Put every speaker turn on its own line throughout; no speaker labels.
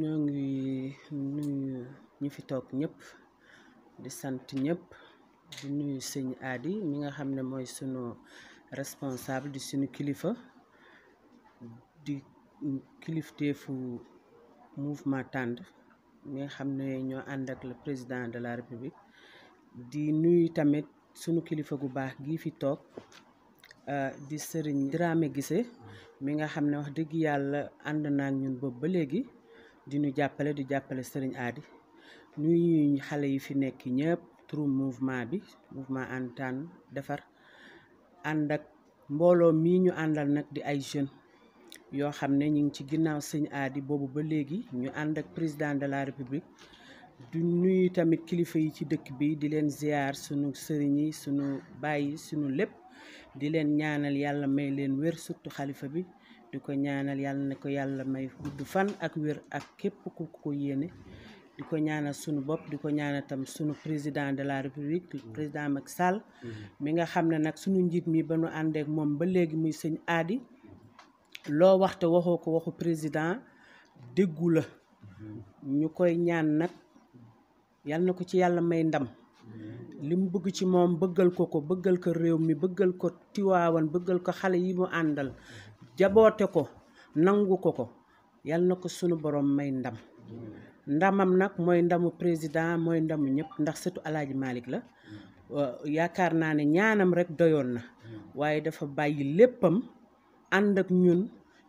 ñoo ngi nuyu ñi fi toog ñëpp di sant ñëpp di nuyu sëñ aadi mi nga xam ne mooy sunu responsable di sunu kilifa di kilifteefu mouvement tànd mi nga xam ne ñoo ànd ak le président de la république di nuyu tamit sunu kilifa gu baax gii fi toog euh, di sëriñ Dramé Guissé mi nga xam ne wax dëgg yàlla ànd naa ak ñun boobu ba léegi di jàppale di jàppale Serigne Adi ñuy xale yi fi nekk ñëpp turu mouvement bi mouvement ànd tànn defar ànd ak mbooloo mii ñu àndal nag di ay jeunes yoo xam ne ñu ngi ci ginnaaw sëñ aadi boobu ba léegi ñu ànd ak président de la république du nuyu tamit kilifa yi ci dëkk bi di leen ziar sunu sëriñ yi sunu bàyyi sunu lépp di leen ñaanal yàlla may leen wér surtout xalifa bi di ko ñaanal yàlla na ko yàlla may gudd fan ak wér ak képp ku ko yéene di ko ñaanal sunu bopp di ko ñaanal tam sunu président de la république mm-hmm. président Macky Sall mm-hmm. mi nga xam ne nag sunu njiit mi ba nu àndeek moom ba léegi muy sëñ aadi loo waxte waxoo ko waxu président déggu la mm-hmm. ñu koy ñaan nag yal na ko ci yàlla may ndam li mu bëgg ci moom bëggal ko ko bëggal ko réew mi bëggal ko tiwaawan bëggal ko xale yi mu àndal jaboote ko nangu ko ko yal na ko sunu borom may ndam ndamam nag mooy ndamu président mooy ndamu ñëpp ndax setu alaaji malik la yaakaar naa ne ñaanam rek doyoon na waaye dafa bàyyi léppam ànd ak ñun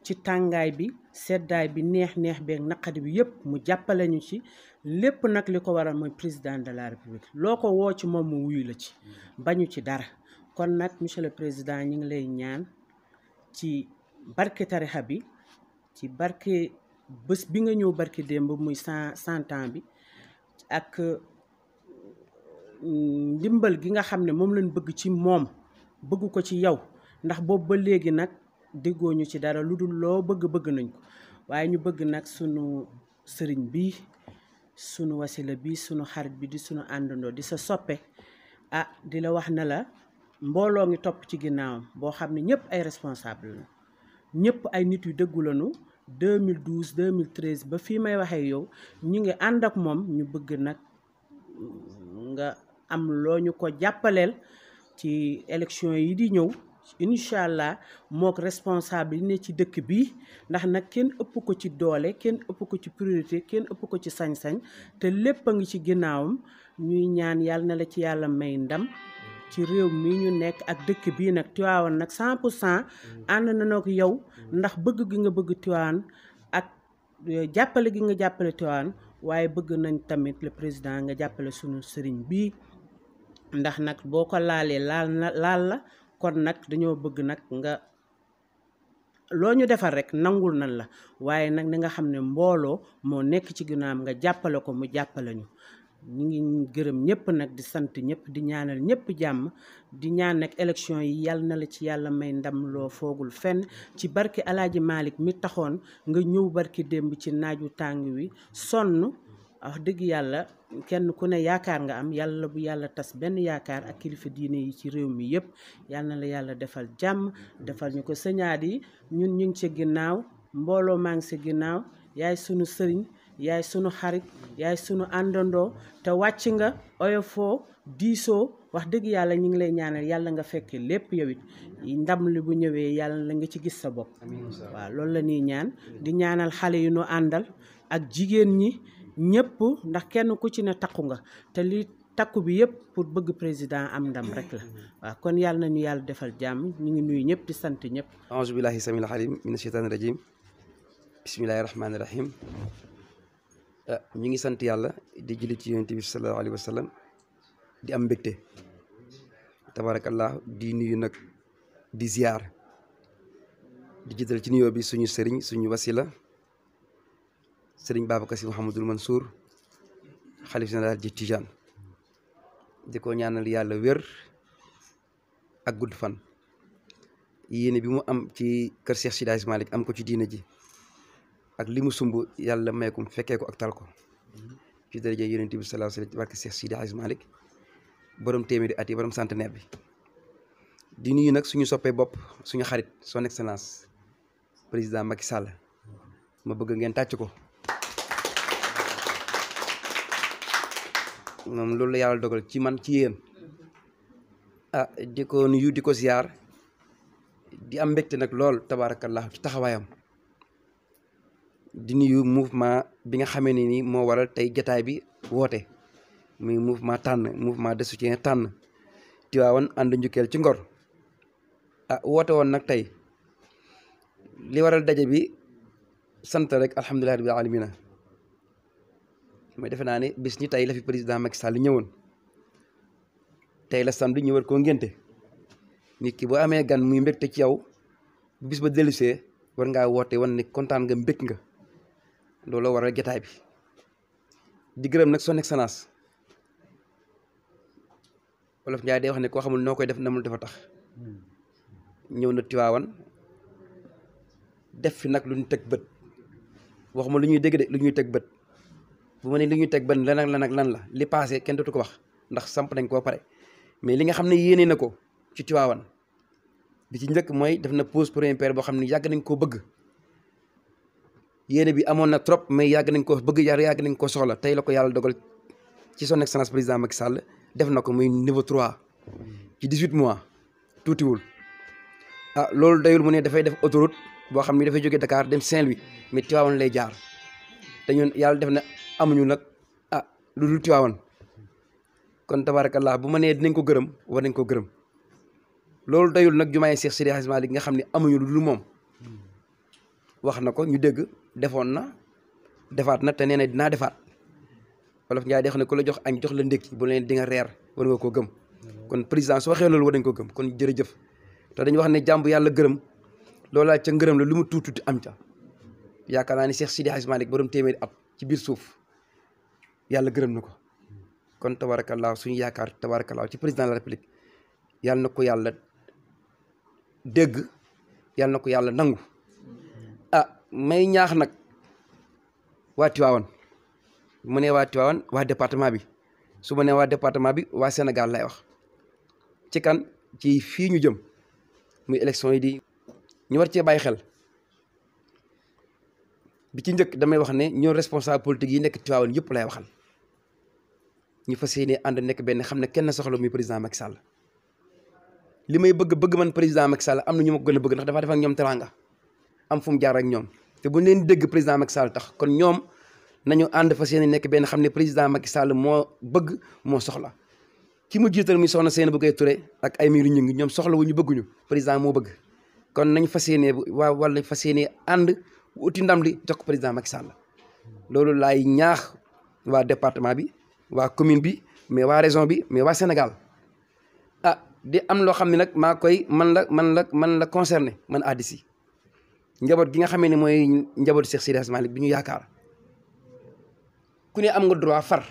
ci tàngaay bi seddaay bi neex neex beeg naqadi bi yëpp mu jàppale ñu ci lépp nag li ko waral mooy président de la république loo ko woo ci moom mu wuyu la ci bañu ci dara kon nag monsieur président ñu ngi lay ñaan ci barke tarixa bi ci barki bés bi nga ñëw barki démb muy cent cent ans bi ak mm, ndimbal gi nga xam ne moom lañ bëgg ci moom bëgg ko ci yow ndax boobu ba léegi nag déggoo ñu ci dara lu dul loo bëgg bëgg nañ ko waaye ñu bëgg nag sunu sëriñ bi sunu wasila bi sunu xarit bi di sunu àndandoo di sa soppe ah di la wax na la mbooloo ngi topp ci ginnaawam boo xam ne ñëpp ay responsable la ñëpp ay nit yu dëggu lañu 2012 2013 ba fii may waxee yow ñu ngi ànd ak moom ñu bëgg nag nga am loo ñu ko jàppaleel ci élection yi di ñëw incha allah mook responsable yi ne ci dëkk bi ndax nag kenn ëpp ko ci doole kenn ëpp ko ci priorité kenn ëpp ko ci sañ-sañ te lépp a ngi ci ginnaawam ñuy ñaan yàlla na la ci yàlla may ndam ci réew mi ñu nekk ak dëkk bii nag Tivaouane nag 100 pour cent ànd nañoo ko yow ndax bëgg gi nga bëgg Tivaouane ak euh, jàppale gi nga jàppale Tivaouane waaye bëgg nañ tamit président nga jàppale sunu sëriñ bi ndax nag boo ko laalee laal laal la kon nag dañoo bëgg nag nga loo ñu defal rek nangul nañ la waaye nag na nga xam ne mbooloo moo nekk ci ginnaawam nga jàppale ko mu jàppale ñu ñu ngi gërëm ñëpp nag di sant ñëpp di ñaanal ñëpp jàmm di ñaan nag élection yi yal na la ci yàlla may ndam loo foogul fenn ci barki alaaji Malick mi taxoon nga ñëw barki démb ci naaju tàng wi sonn wax dëgg yàlla kenn ku ne yaakaar nga am yàlla bu yàlla tas benn yaakaar ak kilifa diine yi ci réew mi yëpp yal na la yàlla defal jàmm defal ñu ko sëñaat yi ñun ñu ngi ci ginnaaw mbooloo maa ngi ci ginnaaw yaay sunu sëriñ yaay sunu xarit yaay sunu àndandoo te wàcc nga oyofoo diisoo wax dëgg yàlla ñu ngi lay ñaanal yàlla nga fekk lépp yow it ndam li bu ñëwee yàlla la nga ci gis sa bopp waaw loolu la ñuy ñaan di ñaanal xale yi nu àndal ak jigéen ñi ñëpp ndax kenn ku ci ne takku nga te li takku bi yëpp pour bëgg président am ndam rek la waaw kon yàlla na nañu yàlla defal jàmm ñu ngi nuyu ñëpp di sant ñëpp
aouzu billahi samil alim min asheytaani rajim bismillahi rahmaani rahim Euh, ñu ngi sant yàlla di julli ci yonent bi sallallahu alayhi di am mbégte tabaarakallah di nuyu nag di ziar di jiital ci nuyoo bi suñu sëriñ suñu wasila sëriñ Babacar si Mouhamadul Mansour xalif général ji Tijaan di ko ñaanal yàlla wér ak gudd fan yéene bi mu am ci kër Cheikh Sidi am ko ci diina ji ak mu sumb yàlla may fekkee ko ak tal ko ci daraja yonent bi sallallahu alayhi wasallam ci barke Cheikh téeméeri at borom centenaire bi di nuyu nag suñu soppee bopp suñu xarit son excellence président Macky Sall ma bëgg ngeen tàcc ko moom loolu la yàlla dogal ci man ci yéen ah di ko nuyu di ko ziar di am mbégte nag lool tabaarakallah ci taxawaayam di nuyu mouvement bi nga xamee ne nii moo waral tey jataay bi woote muy mouvement tànn mouvement de soutien tànn Tivaouane ànd njukkeel ci ngor a ah, woote woon nag tey li waral daje bi sant rek alhamdulilah rabbil alamina mooy defe naa ni bis ñi tey lafi fi président Macky Sall ñëwoon tey la samedi ñu war koo ngénte nit ki boo amee gan muy mbégte ci yow bis ba dellusee war ngaa woote wan ne kontaan nga mbég nga loolu waral jotaay bi di gërëm nag son excellence wolof Njaay day wax ne koo xamul noo koy def namul dafa tax ñëw na Tiwaawan def fi nag lu ñu teg bët waxuma lu ñuy dégg de lu ñuy teg bët bu ma ne lu ñuy teg bët lan ak lan lan la li passé kenn dootu ko wax ndax samp nañ koo pare mais li nga xam ne yéene na ko ci Tiwaawan bi ci njëkk mooy def na pause pour pierre boo xam ne yàgg nañ koo bëgg yéene bi amoon na trop mais yàgg nañ ko bëgg yar yàgg nañ ko soxla tey la ko yàlla dogal ci son excellence président Macky Sall def na ko muy niveau trois ci dix huit mois tuutiwul a ah, loolu dayul mu ne dafay def autoroute boo xam ni dafay jógee Dakar dem Saint-Louis mais Tivaouane lay jaar te ñun yàlla def na amuñu nag a ah, lu dul Tivaouane kon tabarakallah bu ma nee dinañ ko gërëm war nañ ko gërëm loolu dayul nag jumaay Cheikh Sidi Hadj Malick nga xam ne amuñu lu dul moom wax na ko ñu dégg defoon na defaat na te nee na dinaa defaat wolof Njaay dex ne ko la jox añ jox la ndékki bu leen di nga reer war nga koo gëm kon président su waxee loolu war nañ koo gëm kon jërëjëf te dañu wax ne jàmb yàlla gërëm loolaa ca ngërëm la lu mu tuututi am ca yaakaar naa ni Cheikh Sidi Hadj Malick borom téeméeri at ci biir suuf yàlla gërëm na ko kon tabarakallaa suñu yaakaar tabarakallaa ci président de la république yàlla na ko yàlla dégg yàlla na ko yàlla nangu ah may ñaax nag waa Tiwaawan mu ne waa Tiwaawan waa département bi su ma nee waa département bi waa Sénégal lay wax ci kan ci fii ñu jëm muy élection yi di ñu war cee bàyyi xel bi ci njëkk damay wax ne ñoo responsable politique yi nekk Tiwaawan yëpp lay waxal ñu fas yéene ànd nekk benn xam ne kenn soxla muy président Macky Sall li may bëgg bëgg man président Macky Sall am na ñu ma ko gën a bëgg ndax dafa def ñoom teranga am fu mu jaar ak ñoom te bu ñu leen dégg président Macky Sall tax kon ñoom nañu ànd fa yéene nekk benn xam ne président Macky Sall moo bëgg moo soxla ki mu jiital muy soxna seen bu koy ture ak ay miiru ñu ngi ñoom soxla wu ñu bëgguñu président moo bëgg kon nañu fas yéene waa wala fas yéene ànd uti ndam li jox président Macky Sall loolu laay ñaax waa département bi waa commune bi mais waa raison bi mais waa Sénégal ah di am loo xam ne nag maa koy man la man la man la concerné man addis njaboot gi nga xamee ne mooy njabootu Cheikh Sidi Malick bi ñu yaakaar ku ne am nga droit far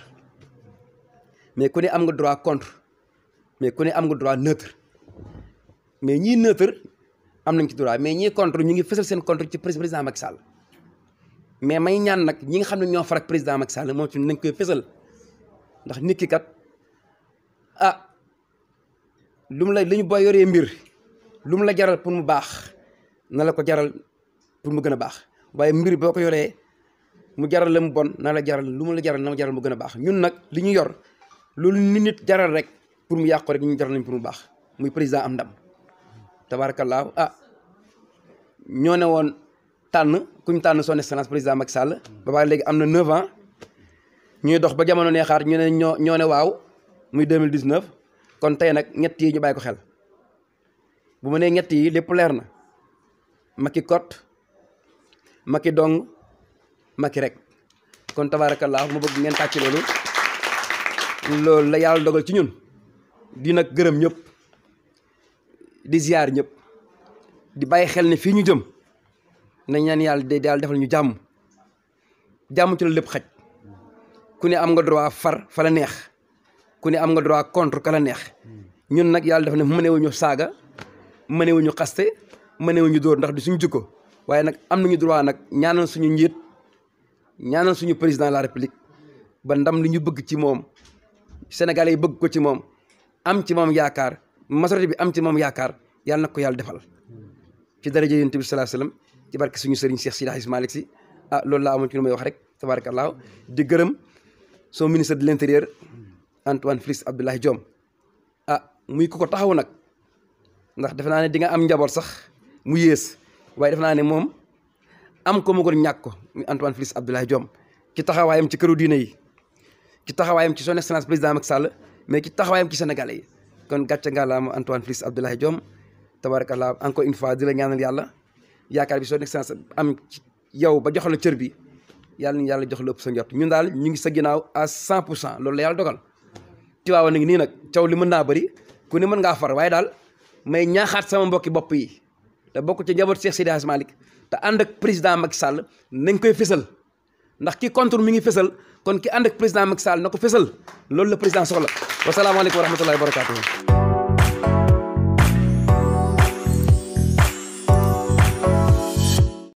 mais ku ne am nga droit contre mais ku ne am nga droit neutre mais ñii neutre am nañ ci droit mais ñii contre ñu ngi fësal seen contre ci président Macky Sall mais may ñaan nag ñi nga xam ne ñoo far ak président Macky Sall moom ci nañ koy fësal ndax nit ki kat ah lu la li ñu boo yoree mbir lu la jaral pour mu baax na la ko jaral pour mu gën a baax waaye mbir boo ko yoree mu jaral la mu bon na la jaral lu mu la jaral na ma jaral mu gën a baax ñun nag li ñu yor loolu nit nit jaral rek pour mu yàq ko rek ñu jaral nañ pour mu baax muy président am ndam tabaarakallaahu ah ñoo ne woon tànn kuñ tànn son excellence président Macky Sall ba pare léegi am na 9 ans ñuy dox ba jamono neexaar xaar ne ñoo ñoo ne waaw muy 2019 kon tey nag ñett yi ñu bàyyi ko xel bu ma nee ñett yi lépp leer na Macky dong Macky rek kon tabaarakallaa mu bëgg ngeen tàcc loolu loolu la yàlla dogal ci ñun di nag gërëm ñëpp di ziar ñëpp di bàyyi xel ne fii ñu jëm nañ ñaan yàlla de yàlla defal ñu jàmm jàmm ci la lépp xaj ku ne am nga droit far fa la neex ku ne am nga droit contre ka la neex ñun nag yàlla def ne mënewuñu saaga mënewuñu xaste mënewuñu dóor ndax du suñu jikko waaye nag am nañu droit nag ñaanal suñu njiit ñaanal suñu président de la république ba ndam li ñu bëgg ci moom sénégalais yi bëgg ko ci moom am ci moom yaakaar majorité bi am ci moom yaakaar yàlla na ko yàlla defal ci daraja yonent bi sallallahu alayhi wasallam ci barke suñu sëriñ Cheikh Sidi Hadj Malick Sy ah loolu laa amoon ci lu may wax rek tabarakallah di gërëm son ministre de l'intérieur Antoine Félix Abdoulaye jom ah muy ku ko taxaw nag ndax defe naa ne di nga am njaboot sax mu yées waaye def naa ne moom am ko mu gën ñàkk ko muy Antoine Félix Abdoulaye Diome ci taxawaayam ci këru diine yi ci taxawaayam ci son excellence président Macky Sall mais ci taxawaayam ci sénégalais yi kon gàcce ngalaama Antoine Félix Abdoulaye Diome tabarakallah encore une fois di la ñaanal yàlla yaakaar bi son excellence am ci yow ba jox la cër bi yàlla ni yàlla jox la ëpp sa njort ñun daal ñu ngi sa ginnaaw à cent cent loolu la yàlla dogal ci waaw nag nii nag caw li mën naa bëri ku ne mën ngaa far waaye daal may ñaaxaat sama mbokki bopp yi te bokk ci njaboot Cheikh Sidi Hadj Malick te ànd ak président Macky Sall nañ koy fésal ndax ki contre mi ngi fésal kon ki ànd ak président Macky Sall na ko fésal loolu la président soxla wasalaamaaleykum wa rahmatullahi wa barakatuh